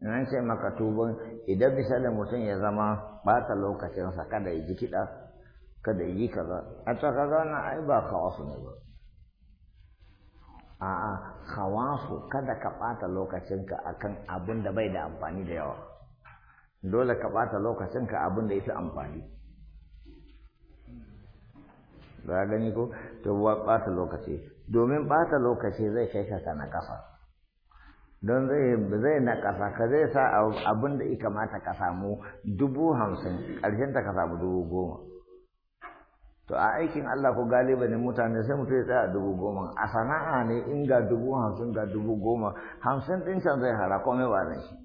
nan ce maka tuban idan misalin mutum ya zama bata lokacinsa kada ya ji kiɗa kada ya yi kaza a ta kaza na ai ba kawasu ne ba a'a kawasu kada ka ɓata lokacinka akan abin da bai da amfani da yawa dole ka ɓata lokacinka abin da ya fi amfani za gani ko to ɓata lokaci domin ɓata lokaci zai kai ka na kafa don zai na ƙasa ka zai sa abin da ika mata ka samu dubu hamsin ƙarshen ta ka samu dubu goma to a aikin Allah ko galiba ne mutane sai mutum ya tsaya dubu goma a sana'a ne in ga dubu hamsin ga dubu goma hamsin ɗin can zai hara komai ba zai shi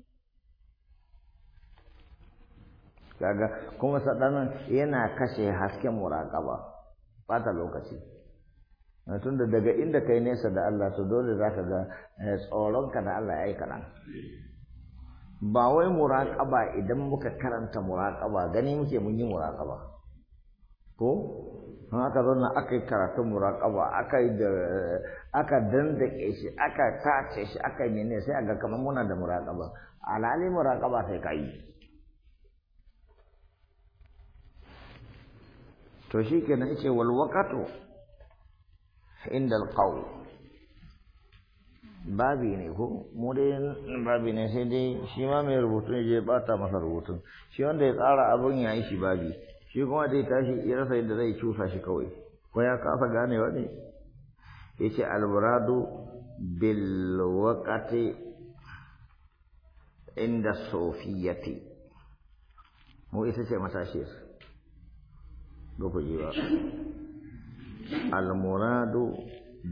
kaga kuma saɗanan yana kashe hasken muraƙaba ɓata lokaci Eh, tunda daga inda kai nesa da Allah to dole za ka ga eh, tsoronka da Allah ya yi kaɗan ba wai muraƙaba idan muka karanta muraƙaba gani muke mun yi muraƙaba ko an aka zauna aka yi karatun muraƙaba aka dandake shi aka tace shi aka yi ne sai ga kamar muna da muraƙaba alali muraƙaba sai ka yi to shi kenan ce walwakato indal qaw babi ne ko mu dai babi ne sai dai shi ma mai ne je bata masa rubutu shi wanda ya tsara abin ya yi shi babi shi kuma dai tashi ya rasa yadda zai cusa shi kawai ko ya kasa ganewa ne ya ce alburadu bilwakati inda sofiyati mu ita ce matashiyar ba ku ji ba Al-Muradu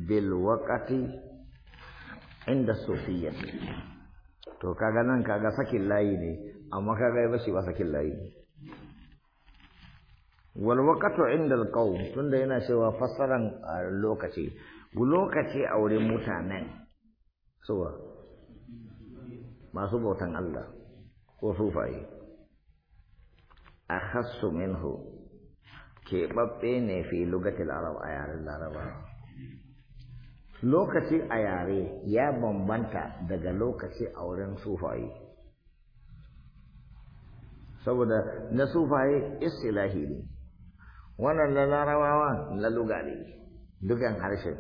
بالوقت inda الصوفية to kaga nan kaga sakin layi ne amma kaga ya bashi ba sakin layi wal waqtu inda al qawm tunda yana cewa fassaran lokaci lokaci a wurin mutanen suwa masu bautan Allah ko sufaye akhassu minhu keɓaɓɓe ne fi lugatil arab a yaren laraba lokaci a yare ya bambanta daga lokaci a wurin sufaye saboda na sufaye istilahi ne wannan na larabawa na luga dukan harshe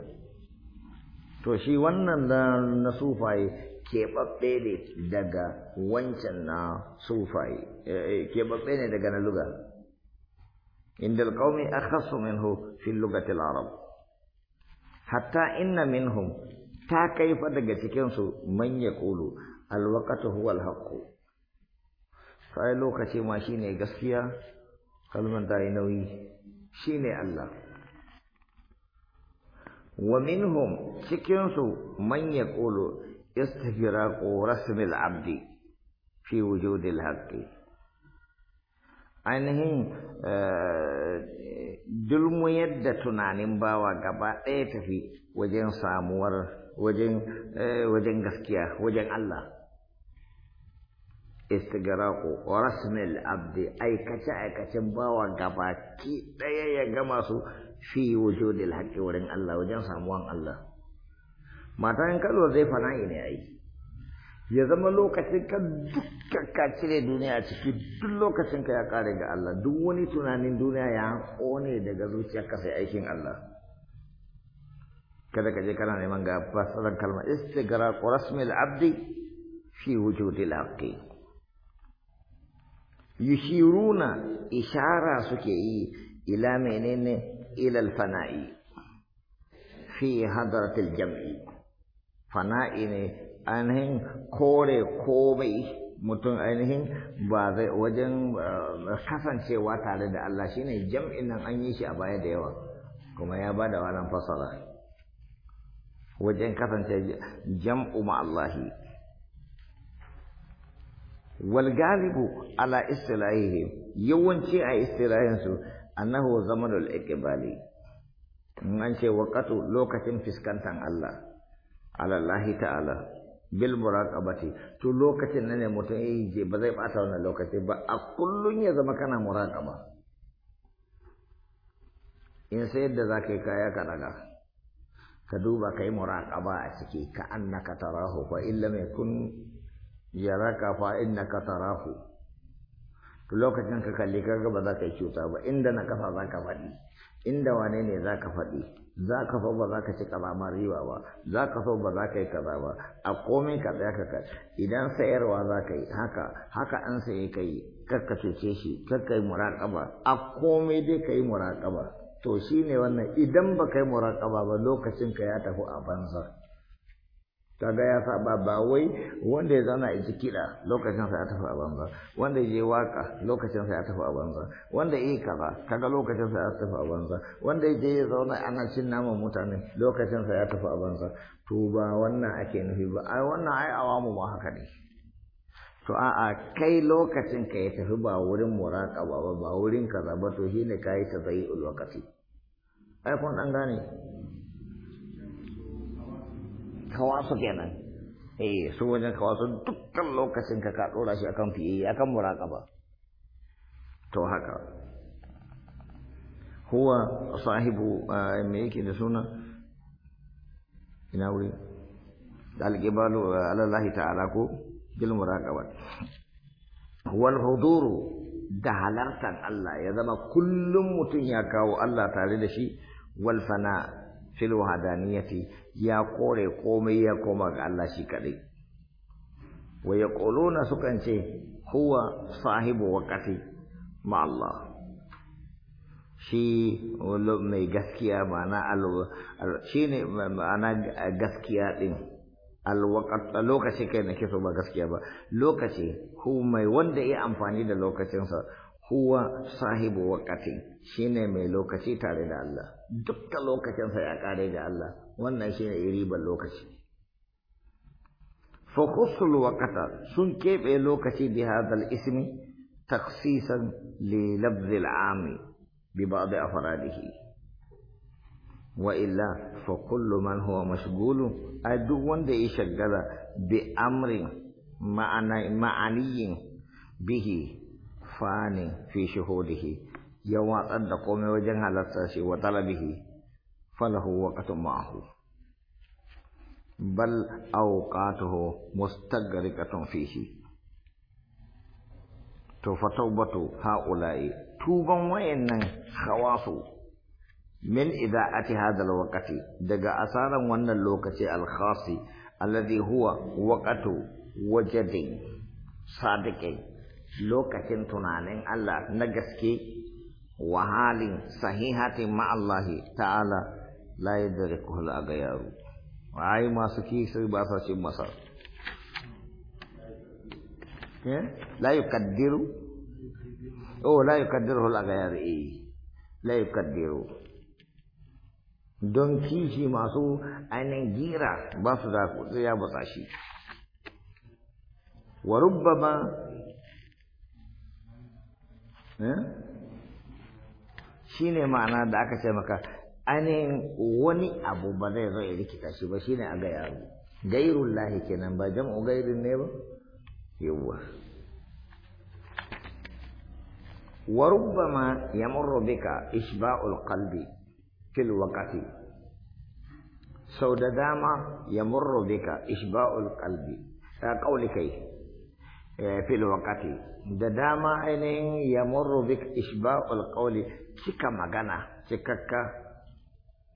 to shi wannan na sufaye keɓaɓɓe ne daga wancan na sufaye eh, eh, keɓaɓɓe ne daga na luga عند القوم أخص منه في اللغة العرب حتى إن منهم تا كيف دقتكنسو من يقول الوقت هو الحق فألو كشي ما شيني قسكيا من داينوي شيني الله ومنهم سكنسو من يقول استفراق رسم العبد في وجود الحق ainihin eh, dulmuyar da tunanin bawa gaba ɗaya tafi wajen samuwar eh, wajen gaskiya wajen Allah istigraqu rasmil abdi aikace aikacen bawa gaba ki ɗaya ya gama su fi wujudil haqqi wurin Allah wajen samuwan Allah mata in zai fana'i ne yi. ya zama lokacin ka duka ka cire duniya ciki duk lokacin ka ya kare ga Allah duk wani tunanin duniya ya kone daga ka sai aikin Allah kada ka je kana neman ga fasalan kalma istigara qurasmil abdi fi wujudi haqqi yushiruna ishara suke yi ila menene ila al-fana'i fi hadratil jam'i fana'i ne ainihin kore komai mutum ainihin ba zai wajen eh, kasancewa tare da Allah shine jam'in nan an yi shi a baya da yawa kuma ya ba da wannan fasara wajen kasance jam'u ma'allahi wal galibu ala istilahihi yawanci a istilahinsu annahu zamanul iqbali in an ce waqatu lokacin fiskantan Allah alallahi ta'ala bil muraqabati to lokacin nan ne mutum yayi je ba zai bata wannan lokaci ba a kullun ya zama kana muraqaba in sai yadda za ka yi kaya ka daga ka duba ka yi muraqaba a ciki ka annaka tarahu fa illa mai kun yaraka fa innaka tarahu to lokacin ka kalli ga ba za ka yi cuta ba inda na kafa za ka faɗi inda wane ne za ka faɗi za ka fa ba za ka ci kalamar riba ba za ka fa ba za ka yi kaza ba a komai ka tsaya ka idan sayarwa za ka yi haka haka an saye ka yi ka cece shi ka yi muraƙaba a komai dai ka yi muraƙaba to shine wannan idan ba ka yi muraƙaba ba lokacin ka ya tafi a banza kaga ya saba ba wai wanda ya zauna a ci kiɗa lokacin sa ya tafi a banza wanda ya je waka lokacin sa ya tafi a banza wanda ya yi kaza kaga lokacin sa ya tafi a banza wanda ya je ya zauna ana cin naman mutane lokacin sa ya tafi a banza to ba wannan ake nufi ba ai wannan ai awamu ma haka ne to a'a kai lokacin ka ya tafi ba wurin muraka ba ba wurin kaza ba to shine kai ta zai ulwakati ai kun dan gane kawasu kenan eh su wajen kawasu dukkan lokacin ka ka dora shi akan fiye akan muraqaba to haka huwa sahibu me yake da suna ina wuri alqibalu ala ta'ala ko bil muraqaba wal huduru da halartar Allah ya zama kullum mutum ya kawo Allah tare da shi wal fana fil hadani ya kore komai ya koma ga Allah shi kadai wa yaquluna sukan ce huwa sahibu waqati ma Allah shi mai gaskiya ma'ana al shine ma'ana gaskiya din lokaci kai ne so ba gaskiya ba lokaci hu mai wanda ya amfani da lokacinsa huwa sahibu waqatin shine mai lokaci tare da Allah dukkan lokacinsa ya kare da Allah wannan shine riban lokaci fa khusul waqata sun kebe lokaci bi hadal ismi takhsisan li labdhi al-ami bi ba'd afradihi wa illa fa kullu man huwa mashghulun duk wanda ya shagala bi amrin ma'ana ma'aniyin bihi ne fi shuhudihi ya watsar da komai wajen halarta shi wa talabihi falahu waqatun ma'ahu bal awqatuhu mustagriqatun fihi to fa tawbatu haula'i tuban wayannan khawasu min ida'ati hadha alwaqti daga asaran wannan lokaci alkhasi alladhi huwa waqatu wajadin sadiqin lokacin tunanin Allah na gaske wa halin sahihatin ma'allahi ta'ala layi da la a ga yaro, ai masu kisi ba sa cin masa eh? la yukaddiru oh la eh. yukaddiru ga yaro eh layi kaddiru don kishi masu ainihin gira ba su da ya sa shi wa ba Hmm? shi ne ma'ana da aka ce maka ainihin wani abu ba zai zo ya rikita shi ba shine a ga yaro gairun lahi kenan ba jam'u gairun ne ba yawwa wa rubbama yamurru bika ishba'ul qalbi fil wakati sau da dama yamurru bika ishba'ul qalbi ta kauli kai Eh, fil wakati da dama ainihin ya murru bik ishba'ul qawli cika magana cikakka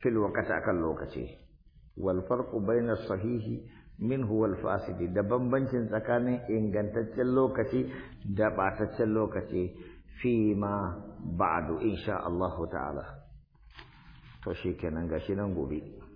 fil kan akan lokaci wal farqu bayna sahihi min wal fasidi da bambancin tsakanin ingantaccen lokaci da bataccen lokaci fi ma ba'du insha Allah ta'ala to shikenan gashi nan gobe